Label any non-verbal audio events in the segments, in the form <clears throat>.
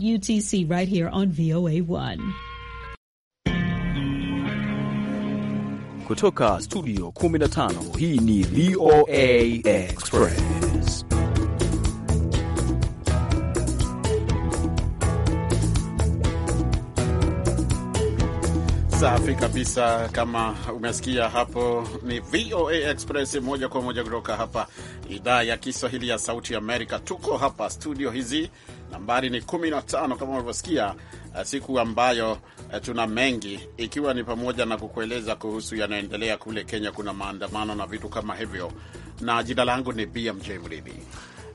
UTC right here on VOA1. Kutoka studio 15 hii ni VOA Express. Safi kabisa, kama umesikia hapo, ni VOA Express moja kwa moja kutoka hapa idhaa ya Kiswahili ya Sauti Amerika. Tuko hapa studio hizi nambari ni 15 kama ulivyosikia, eh, siku ambayo eh, tuna mengi, ikiwa ni pamoja na kukueleza kuhusu yanayoendelea kule Kenya. Kuna maandamano na vitu kama hivyo, na jina langu ni BMJ Mridhi.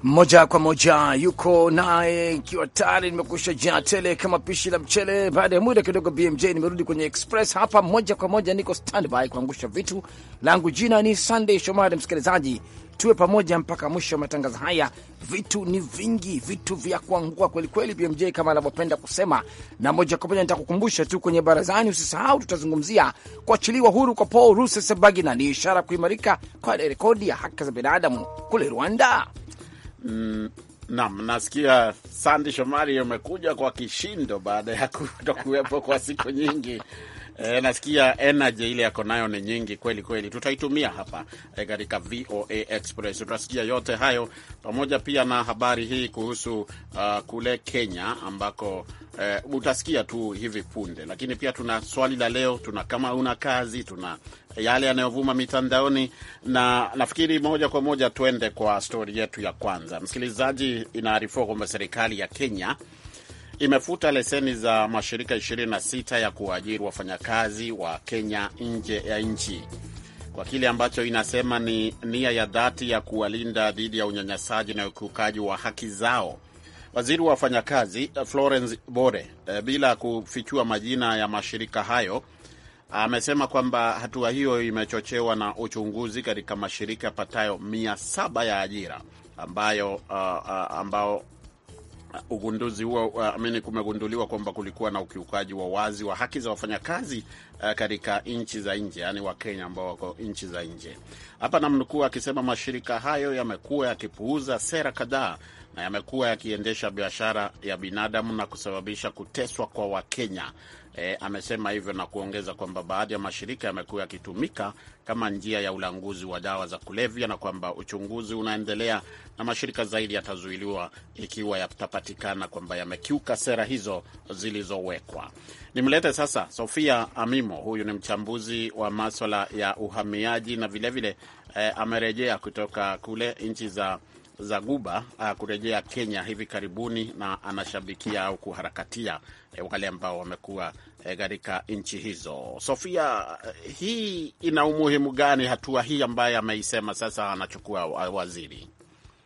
Moja kwa moja yuko naye, ikiwa tayari nimekusha jaa tele kama pishi la mchele. Baada ya muda kidogo, BMJ nimerudi kwenye express hapa, moja kwa moja niko standby kuangusha vitu langu. Jina ni Sunday Shomari, msikilizaji tuwe pamoja mpaka mwisho wa matangazo haya. Vitu ni vingi, vitu vya kuangua kwelikweli, BMJ kama anavyopenda kusema. Na moja kwa moja nitakukumbusha tu kwenye barazani, usisahau tutazungumzia kuachiliwa huru kwa Paul Rusesabagina ni ishara kuimarika kwa rekodi ya haki za binadamu kule Rwanda. Mm. Nam, nasikia Sandi Shomari amekuja kwa kishindo baada ya <laughs> kutokuwepo kwa siku nyingi Eh, nasikia energy ile yako nayo ni nyingi kweli kweli, tutaitumia hapa eh, katika e, VOA Express tutasikia yote hayo pamoja pia na habari hii kuhusu uh, kule Kenya ambako e, utasikia tu hivi punde, lakini pia tuna swali la leo, tuna kama una kazi, tuna yale yanayovuma mitandaoni, na nafikiri moja kwa moja tuende kwa stori yetu ya kwanza. Msikilizaji, inaarifiwa kwamba serikali ya Kenya imefuta leseni za mashirika 26 ya kuajiri wafanyakazi wa Kenya nje ya nchi kwa kile ambacho inasema ni nia ya dhati ya kuwalinda dhidi ya unyanyasaji na ukiukaji wa haki zao. Waziri wa wafanyakazi Florence Bore, e, bila kufichua majina ya mashirika hayo, amesema kwamba hatua hiyo imechochewa na uchunguzi katika mashirika yapatayo mia saba ya ajira ambayo, uh, uh, ambao ugunduzi huo uh, kumegunduliwa kwamba kulikuwa na ukiukaji wa wazi wa haki za wafanyakazi uh, katika nchi za nje, yaani Wakenya ambao wako nchi za nje. Hapa namnukuu akisema mashirika hayo yamekuwa yakipuuza sera kadhaa na yamekuwa yakiendesha biashara ya binadamu na kusababisha kuteswa kwa Wakenya. E, amesema hivyo na kuongeza kwamba baadhi ya mashirika yamekuwa yakitumika kama njia ya ulanguzi wa dawa za kulevya na kwamba uchunguzi unaendelea na mashirika zaidi yatazuiliwa ikiwa yatapatikana kwamba yamekiuka sera hizo zilizowekwa. Nimlete sasa Sofia Amimo, huyu ni mchambuzi wa maswala ya uhamiaji na vilevile vile, e, amerejea kutoka kule nchi za za uh, kurejea Kenya hivi karibuni, na anashabikia au kuharakatia eh, wale ambao wamekuwa eh, katika eh, nchi hizo. Sofia, eh, hii ina umuhimu gani hatua hii ambayo ameisema sasa anachukua waziri?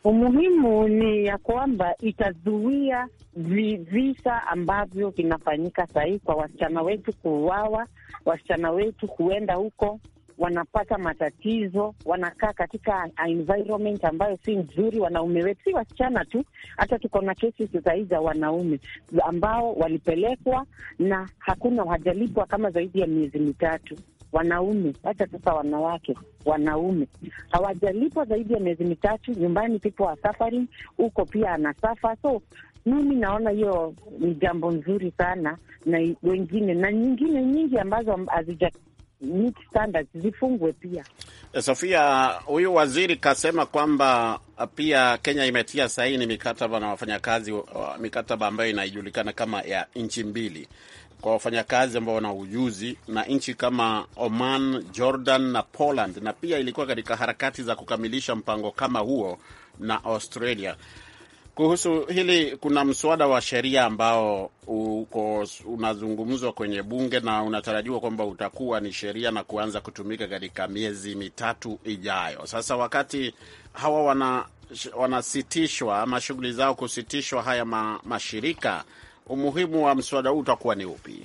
Umuhimu ni ya kwamba itazuia visa ambavyo vinafanyika sahii kwa wasichana wetu kuuawa, wasichana wetu kuenda huko wanapata matatizo, wanakaa katika environment ambayo si nzuri. Wanaume wetu, si wasichana tu, hata tuko na kesi sasa za wanaume ambao walipelekwa na hakuna wajalipwa kama zaidi ya miezi mitatu wanaume hata sasa, wanawake wanaume hawajalipwa zaidi ya miezi mitatu. Nyumbani pipo wasafari huko pia anasafa. So mimi naona hiyo ni jambo nzuri sana, na wengine na nyingine nyingi ambazo hazija meet standards zifungwe pia. Sofia, huyu waziri kasema kwamba uh, pia Kenya imetia saini mikataba na wafanyakazi, uh, mikataba ambayo inajulikana kama ya nchi mbili kwa wafanyakazi ambao wana ujuzi na nchi kama Oman, Jordan na Poland, na pia ilikuwa katika harakati za kukamilisha mpango kama huo na Australia. Kuhusu hili kuna mswada wa sheria ambao uko unazungumzwa kwenye bunge na unatarajiwa kwamba utakuwa ni sheria na kuanza kutumika katika miezi mitatu ijayo. Sasa wakati hawa wana wanasitishwa ama shughuli zao kusitishwa, haya ma, mashirika, umuhimu wa mswada huu utakuwa ni upi?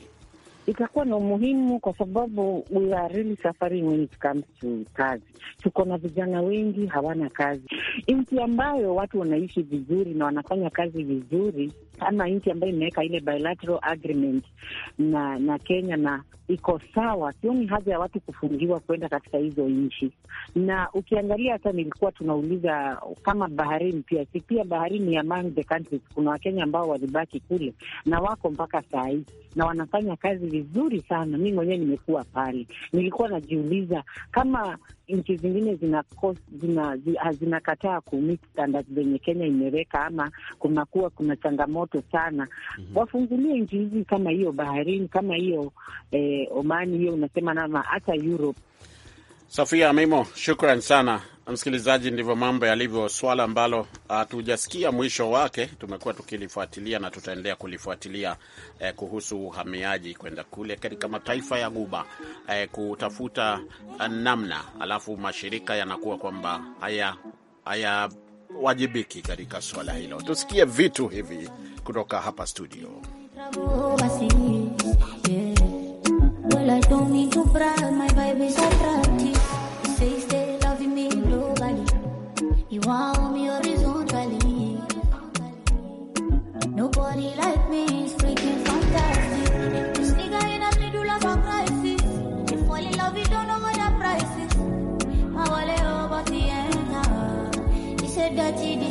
itakuwa na umuhimu kwa sababu we are really suffering when it comes to kazi. Tuko na vijana wengi hawana kazi. Nchi ambayo watu wanaishi vizuri na wanafanya kazi vizuri, ama nchi ambayo imeweka ile bilateral agreement na na Kenya na iko sawa. Sioni haja ya watu kufungiwa kwenda katika hizo nchi, na ukiangalia hata nilikuwa tunauliza kama baharini pia si pia baharini ya among the countries, kuna Wakenya ambao walibaki kule na wako mpaka saa hii na wanafanya kazi vizuri sana. Mi mwenyewe nimekuwa pale, nilikuwa najiuliza kama nchi zingine zinakataa zina, zina kumit standard zenye Kenya imeweka ama kunakuwa kuna changamoto sana. mm -hmm. Wafungulie nchi hizi kama hiyo baharini kama hiyo eh, eh, Omani hiyo unasema nama hata Europe. Safia Mimo, shukran sana msikilizaji. Ndivyo mambo yalivyo, swala ambalo hatujasikia mwisho wake. Tumekuwa tukilifuatilia na tutaendelea kulifuatilia eh, kuhusu uhamiaji kwenda kule katika mataifa ya Guba eh, kutafuta namna, alafu mashirika yanakuwa kwamba haya haya katika swala hilo. Tusikie vitu hivi kutoka hapa studio I don't need to brag. My vibe is attractive. He says they loving me globally. You want me Nobody like me is freaking This nigga in the of crisis. If in love, you don't know what the price is. My wallet over the end. He said that he did.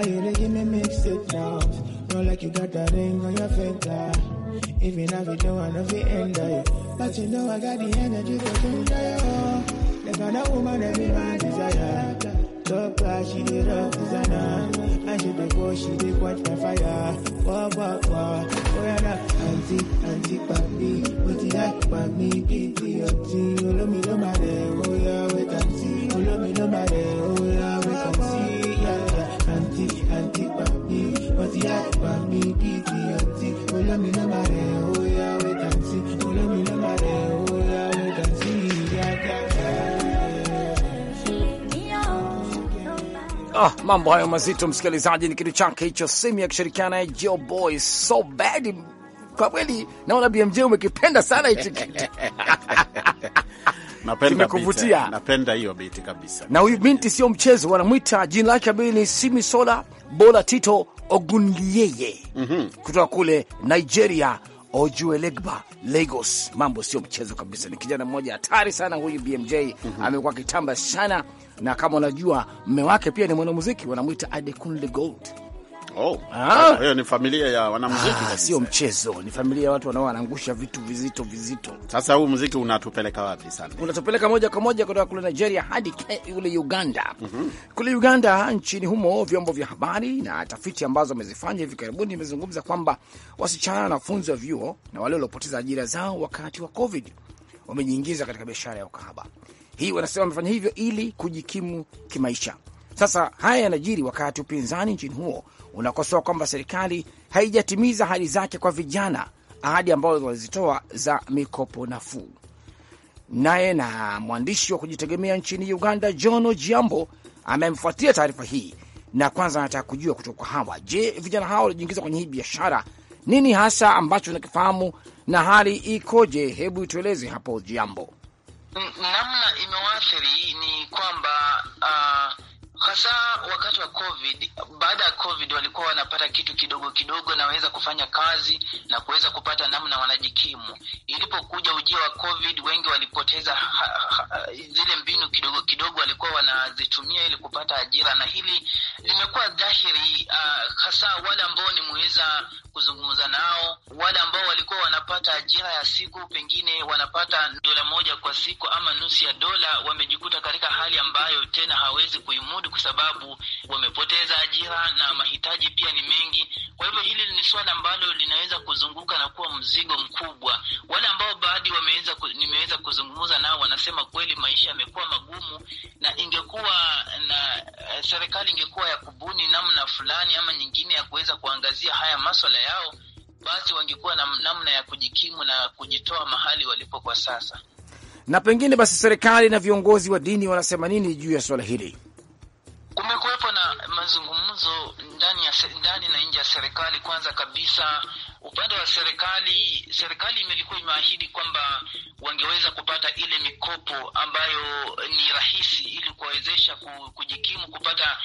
Why you they give me mixed signals? Not like you got that ring on your finger. Even if you don't wanna be under you. But you know I got the energy to change you. The kind of woman every man desire. Look, class, she the rough designer. And she the go, she the watch my fire. Wah, wah, wah. Oh, yeah, nah. Auntie, auntie, papi. What did I, papi? Pity, auntie. Olo me no matter, oh, yeah, wait, auntie. Olo oh, mi no matter, oh, yeah. Oh, mambo hayo mazito msikilizaji, ni kitu chake hicho Simi akishirikiana na Joe Boy so bad. Kwa kweli naona BMJ umekipenda sana hicho kitu <laughs> kimekuvutia. Napenda hiyo biti kabisa. Na huyu binti sio mchezo, wanamwita jina lake abili ni Simi Sola Bola Tito ogunlieye mm -hmm. kutoka kule Nigeria, Ojuelegba, Lagos. Mambo sio mchezo kabisa, ni kijana mmoja hatari sana huyu BMJ mm -hmm. amekuwa kitamba sana, na kama unajua mme wake pia ni mwanamuziki, wanamwita Adekunle Gold Oh, ah. ni familia ya wanamuziki ah, sio mchezo, ni familia ya watu wanao wanaoangusha vitu vizito vizito. Sasa huu muziki unatupeleka wapi sana? Unatupeleka moja kwa moja kutoka kule Nigeria hadi kule Uganda. mm -hmm. Kule Uganda nchini humo, vyombo vya habari na tafiti ambazo wamezifanya hivi karibuni imezungumza kwamba wasichana na wanafunzi wa vyuo na wale waliopoteza ajira zao wakati wa COVID wamejiingiza katika biashara ya ukahaba. Hii wanasema wamefanya hivyo ili kujikimu kimaisha. Sasa haya yanajiri wakati upinzani nchini huo unakosoa kwamba serikali haijatimiza ahadi zake kwa vijana, ahadi ambazo walizitoa za mikopo nafuu. Naye na mwandishi wa kujitegemea nchini Uganda John Ojiambo amemfuatia taarifa hii na kwanza anataka kujua kutoka kwa hawa, je, vijana hawa walijiingiza kwenye hii biashara, nini hasa ambacho unakifahamu na hali ikoje? Hebu tueleze hapo Ojiambo. Namna imewaathiri ni kwamba uh hasa wakati wa COVID. Baada ya COVID walikuwa wanapata kitu kidogo kidogo, naweza kufanya kazi na kuweza kupata namna wanajikimu. Ilipokuja ujio wa COVID, wengi walipoteza ha, ha, zile mbinu kidogo kidogo walikuwa wanazitumia ili kupata ajira, na hili limekuwa dhahiri uh, hasa wale ambao nimeweza kuzungumza nao, wale ambao walikuwa wanapata ajira ya siku, pengine wanapata dola moja kwa siku ama nusu ya dola, wamejikuta katika hali ambayo tena hawezi kuimudu kwa sababu wamepoteza ajira na mahitaji pia ni mengi. Kwa hivyo hili ni swala ambalo linaweza kuzunguka na kuwa mzigo mkubwa. Wale ambao baadhi wameweza nimeweza kuzungumza nao wanasema kweli maisha yamekuwa magumu, na ingekuwa na eh, serikali ingekuwa ya kubuni namna fulani ama nyingine ya kuweza kuangazia haya maswala yao, basi wangekuwa na namna ya kujikimu na kujitoa mahali walipo kwa sasa. Na pengine basi serikali na viongozi wa dini wanasema nini juu ya swala hili? mazungumzo ndani ya ndani na nje ya serikali, kwanza kabisa Upande wa serikali, serikali imelikuwa imeahidi kwamba wangeweza kupata ile mikopo ambayo ni rahisi ili kuwawezesha kujikimu, kupata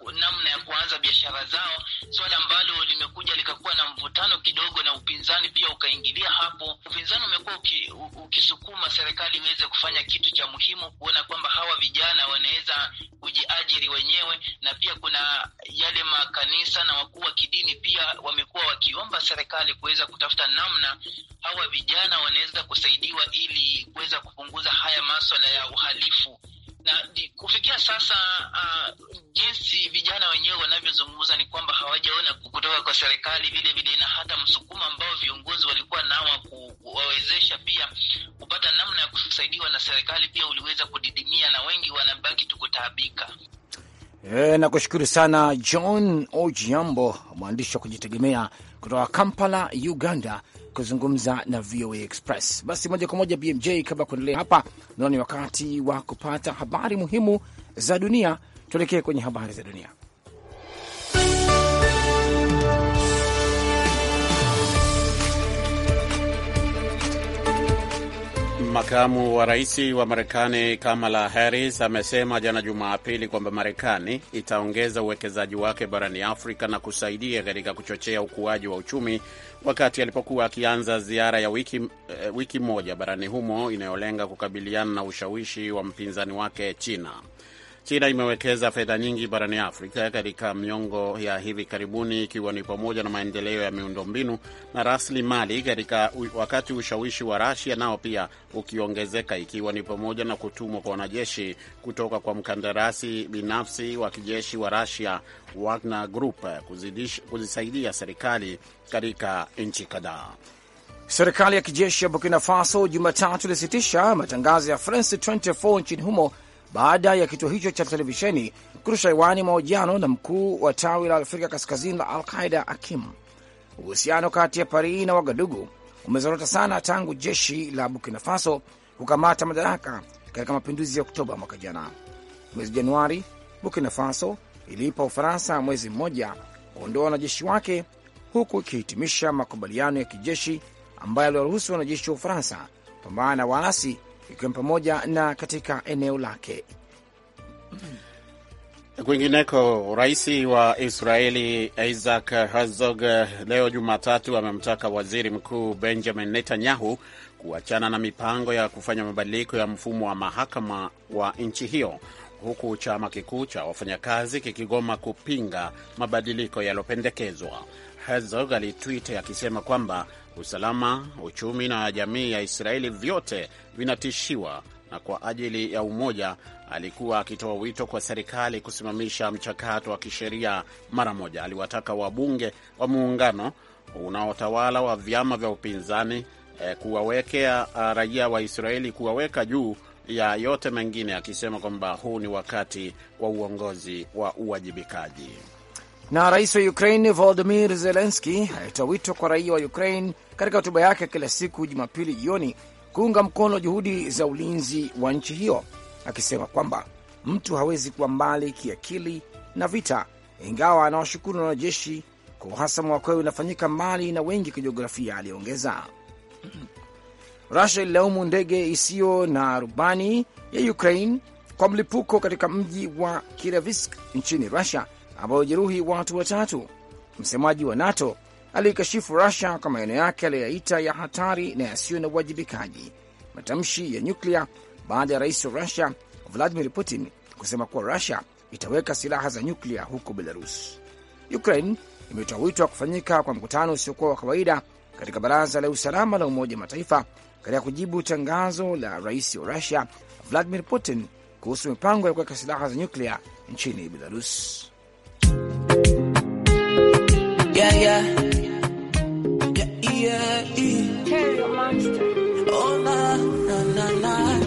uh, namna ya kuanza biashara zao, swala ambalo limekuja likakuwa na mvutano kidogo, na upinzani pia ukaingilia hapo. Upinzani umekuwa uki, ukisukuma serikali iweze kufanya kitu cha muhimu, kuona kwamba hawa vijana wanaweza kujiajiri wenyewe, na pia kuna yale makanisa na wakuu wa kidini pia wame wakiomba serikali kuweza kutafuta namna hawa vijana wanaweza kusaidiwa ili kuweza kupunguza haya maswala ya uhalifu na kufikia sasa uh, jinsi vijana wenyewe wanavyozungumza ni kwamba hawajaona kutoka kwa serikali vile vile, na hata msukumo ambao viongozi walikuwa nao kuwawezesha pia kupata namna ya kusaidiwa na serikali pia uliweza kudidimia, na wengi wanabaki tukutaabika. E, eh, nakushukuru sana John Ojiambo, mwandishi wa kujitegemea kutoka Kampala, Uganda, kuzungumza na VOA Express. Basi moja kwa moja BMJ, kabla ya kuendelea hapa, naona ni wakati wa kupata habari muhimu za dunia. Tuelekee kwenye habari za dunia. Makamu wa rais wa Marekani Kamala Harris amesema jana Jumapili kwamba Marekani itaongeza uwekezaji wake barani Afrika na kusaidia katika kuchochea ukuaji wa uchumi, wakati alipokuwa akianza ziara ya wiki, eh, wiki moja barani humo inayolenga kukabiliana na ushawishi wa mpinzani wake China. China imewekeza fedha nyingi barani Afrika katika miongo ya hivi karibuni, ikiwa ni pamoja na maendeleo ya miundombinu na rasilimali katika wakati ushawishi wa Rasia nao pia ukiongezeka, ikiwa ni pamoja na kutumwa kwa wanajeshi kutoka kwa mkandarasi binafsi wa kijeshi wa Rasia Wagner Group kuzisaidia serikali katika nchi kadhaa. Serikali ya kijeshi ya Burkina Faso Jumatatu ilisitisha matangazo ya France 24 nchini humo baada ya kituo hicho cha televisheni kurusha hewani mahojiano na mkuu wa tawi la Afrika Kaskazini la Al-Qaida Akim. Uhusiano kati ya Paris na Wagadugu umezorota sana tangu jeshi la Burkina Faso kukamata madaraka katika mapinduzi ya Oktoba mwaka jana. Mwezi Januari, Burkina Faso iliipa Ufaransa mwezi mmoja kuondoa wanajeshi wake, huku ikihitimisha makubaliano ya kijeshi ambayo aliwaruhusu wanajeshi wa Ufaransa pambana na waasi ikiwa ni pamoja na katika eneo lake. Kwingineko, rais wa Israeli Isaac Herzog leo Jumatatu amemtaka wa waziri mkuu Benjamin Netanyahu kuachana na mipango ya kufanya mabadiliko ya mfumo wa mahakama wa nchi hiyo, huku chama kikuu cha wafanyakazi kikigoma kupinga mabadiliko yaliyopendekezwa. Herzog alitwit akisema kwamba usalama, uchumi na jamii ya Israeli vyote vinatishiwa, na kwa ajili ya umoja alikuwa akitoa wito kwa serikali kusimamisha mchakato wa kisheria mara moja. Aliwataka wabunge wa muungano unaotawala wa vyama vya upinzani eh, kuwawekea ah, raia wa Israeli kuwaweka juu ya yote mengine, akisema kwamba huu ni wakati wa uongozi wa uwajibikaji. Na rais wa Ukraine Volodimir Zelenski alitoa wito kwa raia wa Ukraine katika hotuba yake kila siku Jumapili jioni kuunga mkono juhudi za ulinzi wa nchi hiyo, akisema kwamba mtu hawezi kuwa mbali kiakili na vita, ingawa anawashukuru na wanajeshi kwa uhasama wa kweli unafanyika mbali na wengi kijiografia, aliongeza. <clears throat> Rusia ililaumu ndege isiyo na rubani ya Ukraine kwa mlipuko katika mji wa Kiravisk nchini Rusia amewajeruhi watu watatu. Msemaji wa NATO aliikashifu Rusia kwa maeneo yake aliyoyaita ya hatari na yasiyo na uwajibikaji, matamshi ya nyuklia baada ya rais wa Rusia Vladimir Putin kusema kuwa Rusia itaweka silaha za nyuklia huko Belarus. Ukraine imetoa wito wa kufanyika kwa mkutano usiokuwa wa kawaida katika Baraza la Usalama la Umoja wa Mataifa katika kujibu tangazo la rais wa Rusia Vladimir Putin kuhusu mipango ya kuweka silaha za nyuklia nchini Belarus. Yeah, yeah. Yeah, yeah, yeah. Carry a monster. Oh, na, na, na,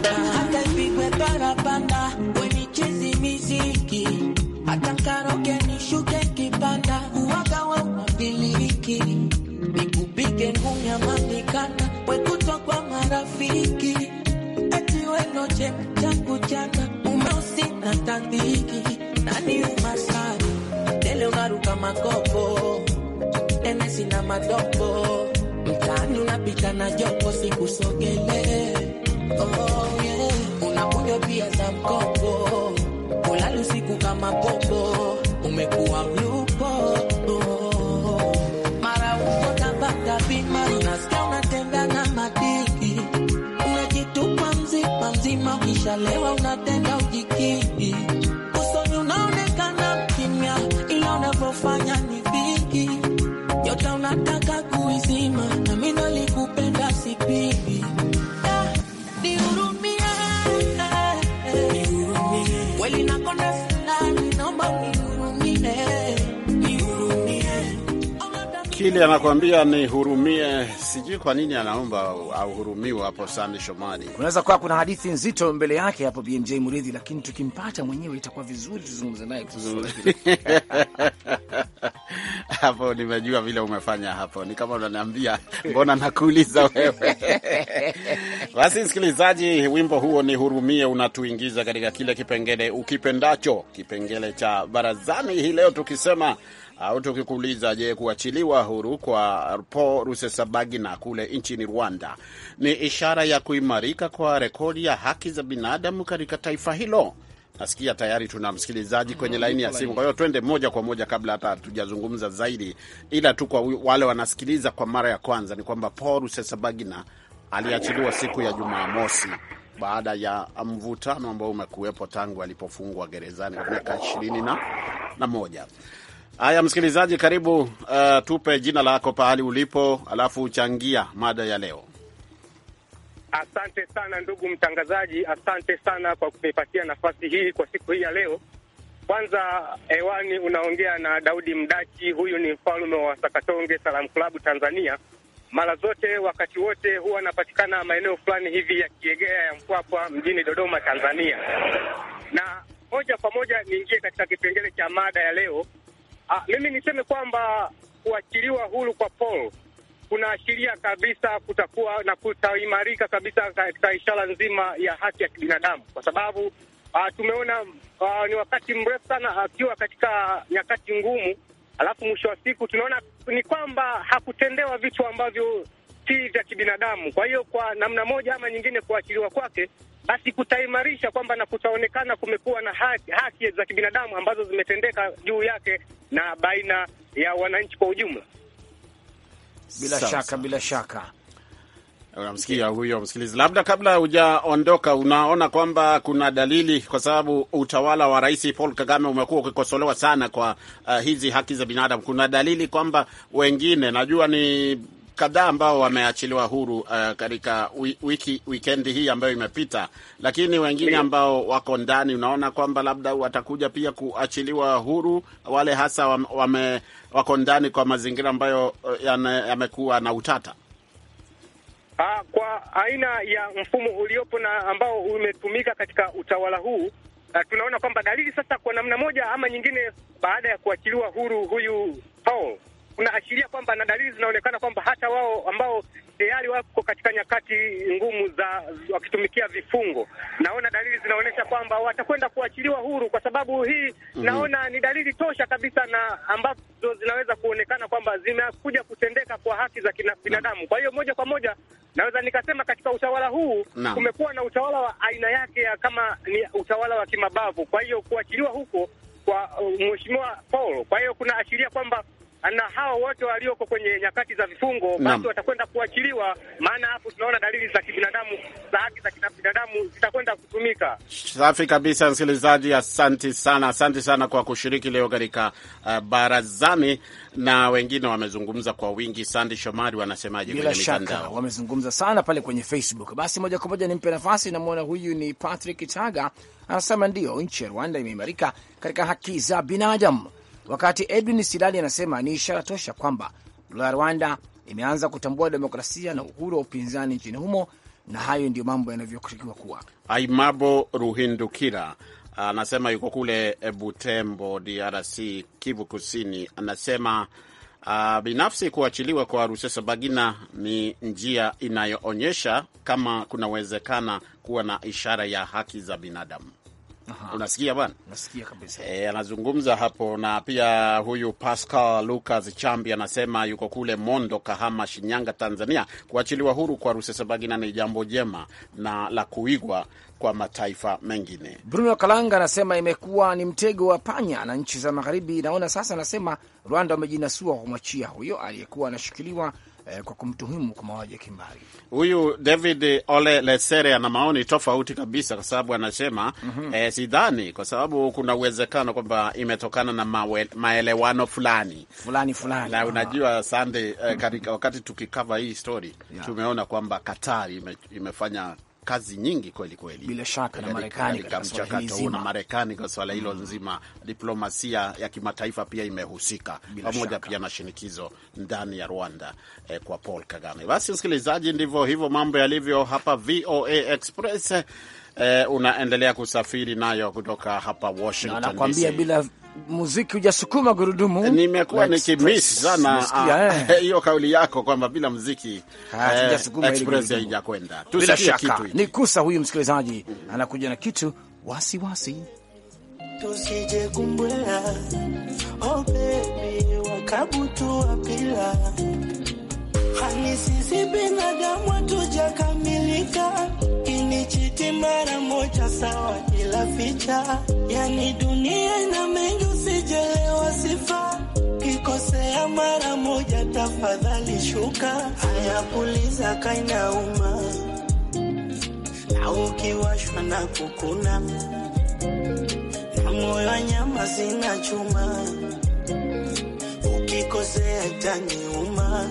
na. Hata ipigwe parapanda, wenichezi miziki. Hata karoke nishuke kipanda, uwagawa umabiliki. Nikupige ngunya mamikana, wekutwa kwa marafiki. Eti wenoche mchangu chana, umeusi na tandiki. Nani umasari, tele unaruka makopo mabasi na madogo, mtaani unapita na jopo, sikusogele oh, yeah. Unakunywa pia za mkopo, kulala usiku kama bobo Kile anakuambia ni hurumie, sijui kwa nini anaomba auhurumiwe hapo. Sande Shomari, unaweza kuwa kuna hadithi nzito mbele yake hapo, BMJ Muridhi, lakini tukimpata mwenyewe itakuwa vizuri tuzungumze naye <laughs> hapo. Nimejua vile umefanya hapo, ni kama unaniambia mbona nakuuliza wewe. <laughs> Basi msikilizaji, wimbo huo ni hurumie unatuingiza katika kile kipengele ukipendacho, kipengele cha barazani hii leo tukisema au tukikuuliza, je, kuachiliwa huru kwa Paul Rusesabagina kule nchini Rwanda ni ishara ya kuimarika kwa rekodi ya haki za binadamu katika taifa hilo? Nasikia tayari tuna msikilizaji kwenye laini ya simu, kwa hiyo twende moja kwa moja kabla hata hatujazungumza zaidi, ila tu kwa wale wanasikiliza kwa mara ya kwanza ni kwamba Paul Rusesabagina aliachiliwa siku ya Jumamosi baada ya mvutano ambao umekuwepo tangu alipofungwa gerezani kwa miaka ishirini na moja. Haya, msikilizaji, karibu uh, tupe jina lako, pahali ulipo, alafu uchangia mada ya leo. Asante sana ndugu mtangazaji, asante sana kwa kunipatia nafasi hii kwa siku hii ya leo. Kwanza hewani unaongea na Daudi Mdachi, huyu ni mfalme wa Sakatonge Salam Klabu Tanzania. Mara zote wakati wote huwa anapatikana maeneo fulani hivi ya Kiegea ya Mpwapwa mjini Dodoma, Tanzania. Na moja kwa moja niingie katika kipengele cha mada ya leo Ah, mimi niseme kwamba kuachiliwa huru kwa Paul kunaashiria kabisa kutakuwa na kutaimarika kabisa katika ishara nzima ya haki ya kibinadamu, kwa sababu ah, tumeona ah, ni wakati mrefu sana akiwa katika nyakati ngumu, alafu mwisho wa siku tunaona ni kwamba hakutendewa vitu ambavyo si vya kibinadamu. Kwa hiyo kwa namna moja ama nyingine, kuachiliwa kwake basi kutaimarisha kwamba na kutaonekana kumekuwa na haki, haki za kibinadamu ambazo zimetendeka juu yake na baina ya wananchi kwa ujumla. Bila Sasa shaka, bila shaka unamsikia huyo msikilizi Labda kabla hujaondoka, unaona kwamba kuna dalili, kwa sababu utawala wa Rais Paul Kagame umekuwa ukikosolewa sana kwa uh, hizi haki za binadamu. Kuna dalili kwamba wengine, najua ni kadhaa ambao wameachiliwa huru uh, katika wiki wikendi hii ambayo imepita, lakini wengine ambao wako ndani, unaona kwamba labda watakuja pia kuachiliwa huru, wale hasa wame, wako ndani kwa mazingira ambayo uh, yamekuwa na utata ah, kwa aina ya mfumo uliopo na ambao umetumika katika utawala huu tunaona kwamba dalili sasa, kwa namna moja ama nyingine, baada ya kuachiliwa huru huyu Paul unaashiria kwamba na dalili zinaonekana kwamba hata wao ambao tayari wako katika nyakati ngumu za wakitumikia vifungo, naona dalili zinaonyesha kwamba watakwenda kuachiliwa huru, kwa sababu hii mm -hmm. Naona ni dalili tosha kabisa na ambazo zinaweza kuonekana kwamba zimekuja kutendeka kwa haki za binadamu. Kwa hiyo moja kwa moja naweza nikasema katika utawala huu na, kumekuwa na utawala wa aina yake ya kama ni utawala wa kimabavu. Kwa hiyo kuachiliwa huko kwa uh, mheshimiwa Paul, kwa hiyo kuna ashiria kwamba na hawa wote walioko kwenye nyakati za vifungo basi watakwenda kuachiliwa, maana hapo tunaona dalili za kibinadamu za haki za kibinadamu zitakwenda kutumika. Safi kabisa, msikilizaji, asante sana, asante sana kwa kushiriki leo katika uh, barazani, na wengine wamezungumza kwa wingi. Sandi Shomari, wanasemaje kwenye mitandao? Wamezungumza sana pale kwenye Facebook. Basi moja kwa moja nimpe nafasi, namwona huyu ni Patrick Taga, anasema ndio, nchi ya Rwanda imeimarika katika haki za binadamu wakati Edwin Silali anasema ni ishara tosha kwamba dola ya Rwanda imeanza kutambua demokrasia na uhuru wa upinzani nchini humo, na hayo ndiyo mambo yanavyokurikiwa kuwa. Aimabo Ruhindukira anasema yuko kule Butembo, DRC, Kivu Kusini, anasema Uh, binafsi kuachiliwa kwa Rusesabagina ni njia inayoonyesha kama kunawezekana kuwa na ishara ya haki za binadamu. Aha. Unasikia bwana? Nasikia kabisa. E, anazungumza hapo na pia huyu Pascal Lucas Chambi anasema yuko kule Mondo, Kahama, Shinyanga, Tanzania. Kuachiliwa huru kwa Rusesabagina ni jambo jema na la kuigwa kwa mataifa mengine. Bruno Kalanga anasema imekuwa ni mtego wa panya na nchi za magharibi, naona sasa, anasema Rwanda wamejinasua kumwachia huyo aliyekuwa anashikiliwa eh, kwa kumtuhumu kwa mauaji ya kimbari. Huyu David Ole Lesere ana maoni tofauti kabisa, kwa sababu anasema mm -hmm. eh, sidhani, kwa sababu kuna uwezekano kwamba imetokana na mawe, maelewano fulani fulani fulani, na ah. unajua Sunday eh, katika wakati tukikava hii story yeah. tumeona kwamba Katari ime, imefanya kazi nyingi kweli kweli, bila shaka na Marekani katika mchakato huu na Marekani kwa swala hilo mm. nzima, diplomasia ya kimataifa pia imehusika pamoja pia na shinikizo ndani ya Rwanda eh, kwa Paul Kagame. Basi msikilizaji, ndivyo hivyo mambo yalivyo hapa VOA Express. Eh, unaendelea kusafiri nayo kutoka hapa Washington DC. Nakwambia bila muziki hujasukuma gurudumu. Nimekuwa nikimisi sana ah, eh. <laughs> hiyo kauli yako kwamba bila muziki ah, eh, express haijakwenda. Bila shaka ni kusa huyu msikilizaji anakuja na kitu wasiwasi oh, wasi. Kuchiti mara moja sawa kila ficha, yani dunia na mengi, usijelewa sifa. Kikosea mara moja, tafadhali shuka. Hayakuliza kainauma na ukiwashwa na kukuna na moyo wa nyama zina chuma, ukikosea taniuma.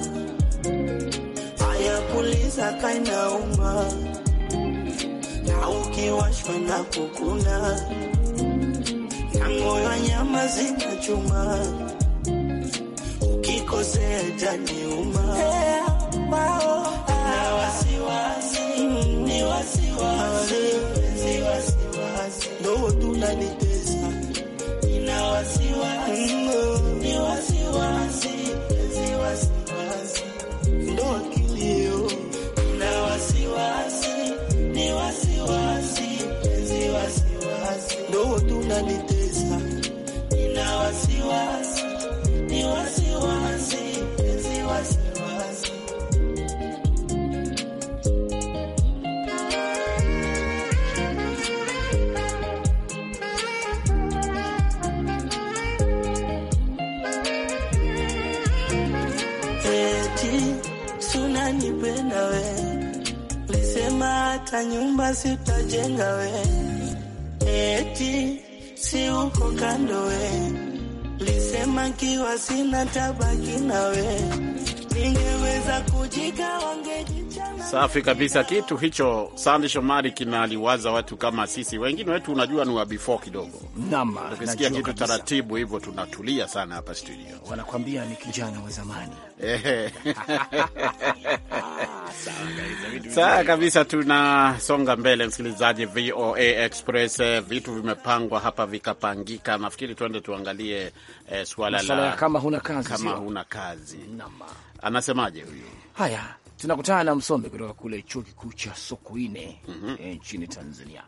Hayakuliza kainauma ukiwashwa na kukuna na ngoya nyama zinachuma, ukikosea janiuma na tunanitesa ina wasiwasi unanipenda we, ulisema hata nyumba sitajenga we, eti si uko kando we, ulisema kiwa sina tabaki na we, ningeweza kujikawange Safi kabisa. Kitu hicho Sande Shomari kinaliwaza watu kama sisi, wengine wetu unajua ni wa before kidogo. ukisikia kitu taratibu hivyo tunatulia sana hapa studio, wanakwambia ni kijana wa zamani. <laughs> Ah, sawa kabisa, tunasonga mbele msikilizaji. VOA Express, eh, vitu vimepangwa hapa vikapangika. Nafikiri tuende tuangalie eh, suala la kama huna kazi, kama huna kazi. Anasemaje huyu? Haya tunakutana na msomi kutoka kule chuo kikuu cha Sokoine mm -hmm. nchini Tanzania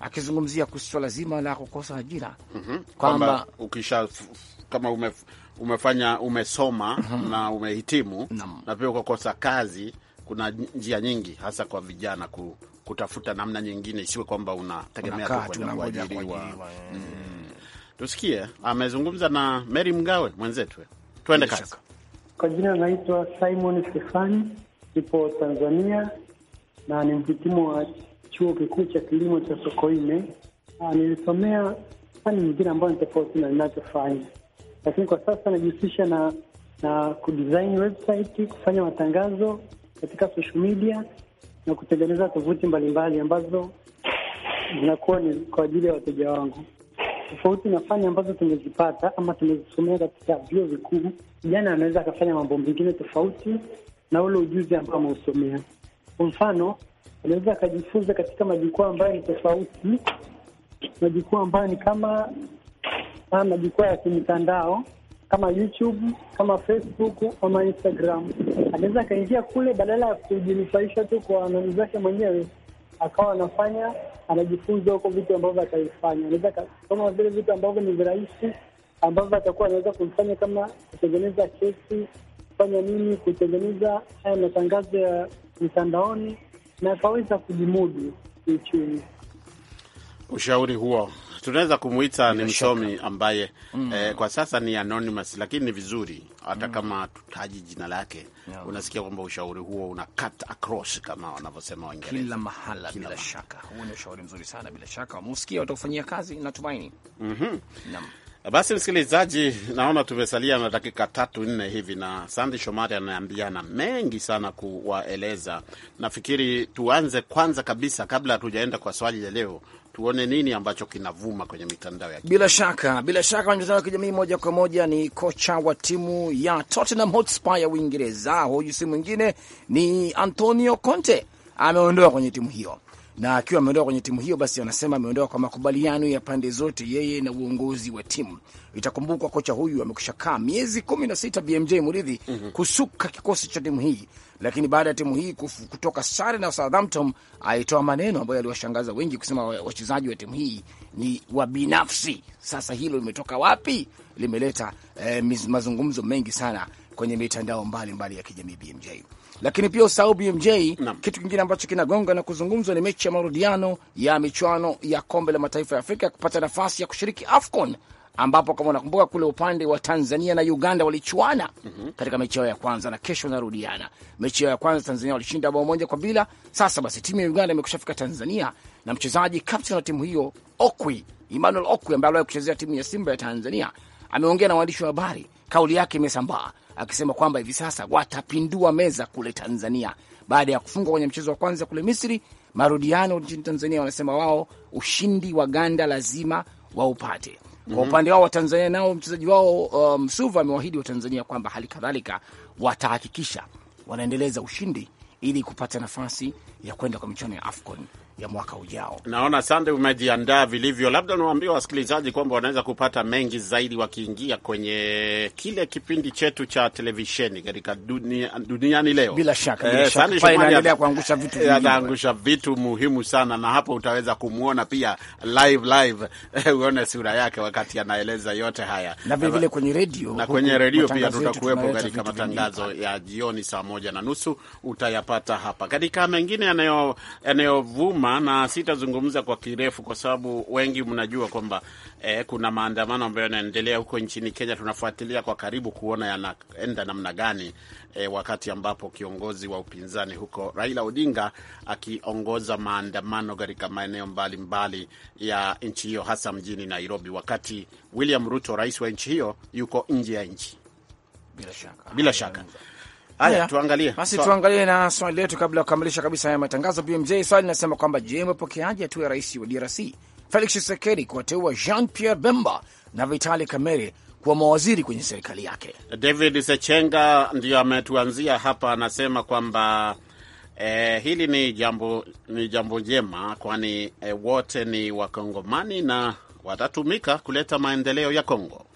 akizungumzia swala zima la kukosa ajira mm -hmm. kwamba ukisha kama ume, umefanya umesoma mm -hmm. na umehitimu Nam. na pia ukakosa kazi, kuna njia nyingi hasa kwa vijana ku, kutafuta namna nyingine isiwe kwamba unategemea kuajiriwa. Eh. Mm. Tusikie amezungumza na Mary Mgawe mwenzetu, tuende kazi. Kwa jina naitwa Simon Stefani nipo Tanzania na ni mhitimu wa chuo kikuu cha kilimo cha Sokoine. Ah, nilisomea fani nyingine ambayo ni tofauti na ninachofanya, lakini kwa sasa najihusisha na na kudesign website, kufanya matangazo katika social media na kutengeneza tovuti mbalimbali ambazo zinakuwa ni kwa ajili ya wateja wangu. Tofauti na fani ambazo tumezipata ama tumezisomea katika vyuo vikuu, kijana anaweza akafanya mambo mengine tofauti na ule ujuzi ambao ameusomea. Kwa mfano, anaweza akajifunza katika majukwaa ambayo ni tofauti, majukwaa ambayo ni kama majukwaa ya kimtandao kama YouTube, kama Facebook ama Instagram. Anaweza akaingia kule, badala ya kujinufaisha tu kwa nani zake mwenyewe, akawa anafanya anajifunza huko vitu ambavyo ataifanya, anaweza kama vile vitu ambavyo ni virahisi ambavyo atakuwa anaweza kufanya kama kutengeneza kesi kufanya nini kutengeneza haya matangazo ya mtandaoni na akaweza kujimudu kiuchumi. Ushauri huo tunaweza kumwita ni msomi ambaye mm. eh, kwa sasa ni anonymous, lakini ni vizuri hata mm. kama tutaji jina lake yeah. Unasikia kwamba ushauri huo una cut across kama wanavyosema Waingereza, kila mahala, kila bila mahala. Shaka huo ni ushauri mzuri sana, bila shaka wamehusikia, watakufanyia kazi natumaini. mm -hmm. Naam. Basi msikilizaji, naona tumesalia na dakika tatu nne hivi, na Sandi Shomari anaambiana mengi sana kuwaeleza. Nafikiri tuanze kwanza kabisa, kabla hatujaenda kwa swali la leo, tuone nini ambacho kinavuma kwenye mitandao ya kijamii. Bila shaka, bila shaka kwenye mitandao ya kijamii moja kwa moja ni kocha wa timu ya Tottenham Hotspur ya Uingereza, huyu si mwingine ni Antonio Conte, ameondoa kwenye timu hiyo na akiwa ameondoka kwenye timu hiyo, basi anasema ameondoka kwa makubaliano ya pande zote, yeye na uongozi wa timu. Itakumbukwa kocha huyu amekusha kaa miezi kumi na sita BMJ Muridhi mm -hmm. kusuka kikosi cha timu hii, lakini baada ya timu hii kufu, kutoka sare na Southampton, aitoa maneno ambayo aliwashangaza wengi kusema wachezaji wa timu hii ni wabinafsi. Sasa hilo limetoka wapi? Limeleta eh, mazungumzo mengi sana kwenye mitandao mbalimbali ya kijamii BMJ. Lakini pia usahau BMJ na, kitu kingine ambacho kinagonga na kuzungumzwa ni mechi ya marudiano ya michuano ya kombe la mataifa ya Afrika kupata nafasi ya kushiriki AFCON ambapo kama unakumbuka kule upande wa Tanzania na Uganda walichuana mm -hmm. katika mechi yao ya kwanza, na kesho narudiana Mechi yao ya kwanza Tanzania walishinda bao moja kwa bila. Sasa basi timu ya Uganda imekushafika Tanzania na mchezaji captain wa timu hiyo Okwi, Emmanuel Okwi ambaye aliwahi kuchezea timu ya Simba ya Tanzania ameongea na waandishi wa habari, kauli yake imesambaa akisema kwamba hivi sasa watapindua meza kule Tanzania baada ya kufungwa kwenye mchezo wa kwanza kule Misri. Marudiano nchini Tanzania wanasema wao ushindi wa Ganda lazima waupate. Kwa mhm. upande wao Watanzania nao mchezaji wao uh, Msuva um, wa Watanzania kwamba hali kadhalika watahakikisha wanaendeleza ushindi ili kupata nafasi ya kwenda kwa michuano ya AFCON ya mwaka ujao. Naona Sande umejiandaa vilivyo, labda niwaambie wasikilizaji kwamba wanaweza kupata mengi zaidi wakiingia kwenye kile kipindi chetu cha televisheni katika dunia, duniani leo. Bila shaka, bila eh, shaka. Eh, inaendelea kuangusha vitu anaangusha vitu muhimu sana, na hapo utaweza kumwona pia live live <laughs> uone sura yake wakati anaeleza yote haya, na vilevile kwenye redio, na kwenye redio pia tutakuwepo katika matangazo ya jioni saa moja na nusu utayapata hapa. Katika mengine yanayovuma Chadema na sitazungumza kwa kirefu kwa sababu wengi mnajua kwamba eh, kuna maandamano ambayo yanaendelea huko nchini Kenya. Tunafuatilia kwa karibu kuona yanaenda namna gani, eh, wakati ambapo kiongozi wa upinzani huko Raila Odinga akiongoza maandamano katika maeneo mbalimbali ya nchi hiyo, hasa mjini Nairobi, wakati William Ruto, rais wa nchi hiyo, yuko nje ya nchi bila shaka, bila shaka. Haya, tuangalie basi, tuangalie na swali letu kabla ya kukamilisha kabisa haya matangazo. BMJ, swali linasema kwamba je, mapokeaji hatua ya rais wa DRC Felix Tshisekedi kuwateua Jean Pierre Bemba na Vitali Kamere kuwa mawaziri kwenye serikali yake? David Sechenga ndiyo ametuanzia hapa, anasema kwamba eh, hili ni jambo ni jambo jema, kwani eh, wote ni wakongomani na watatumika kuleta maendeleo ya Kongo.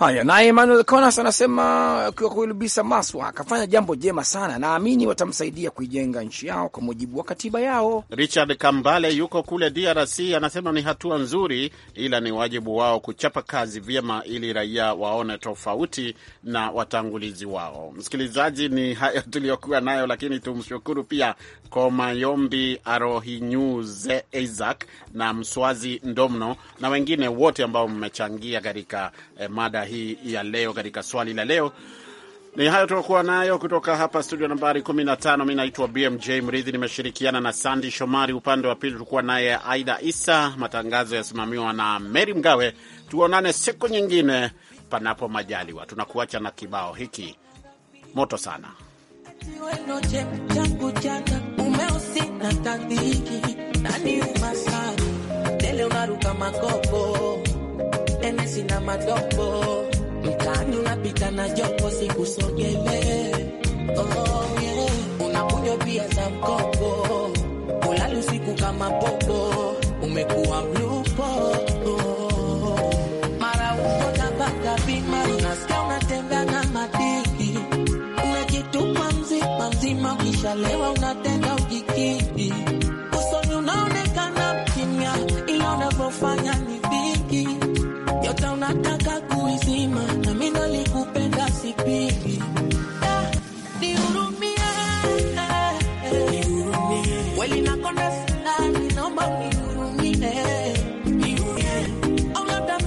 Haya, naye Emmanuel Conas anasema akiwa kuilubisa Maswa akafanya jambo jema sana, naamini watamsaidia kuijenga nchi yao kwa mujibu wa katiba yao. Richard Kambale yuko kule DRC anasema ni hatua nzuri, ila ni wajibu wao kuchapa kazi vyema ili raia waone tofauti na watangulizi wao. Msikilizaji, ni hayo tuliyokuwa nayo, lakini tumshukuru pia Komayombi Arohinyuze Isaac na Mswazi Ndomno na wengine wote ambao mmechangia katika eh, mada hii ya leo katika swali la leo. Ni hayo tuliokuwa nayo kutoka hapa studio nambari 15. Mi naitwa BMJ Mridhi, nimeshirikiana na Sandi Shomari. Upande wa pili tulikuwa naye Aida Isa. Matangazo yasimamiwa na Meri Mgawe. Tuonane siku nyingine, panapo majaliwa. Tunakuacha na kibao hiki moto sana mesi na madogo mtaani unapita na jopo sikusogele. Oh, yeah. Unakunywa pia za mkopo, ulali usiku kama popo, umekuwa mlupo oh. Mara uko tabaka bima, unasikia unatembea na madiki, unajitupa mzima mzima, ukishalewa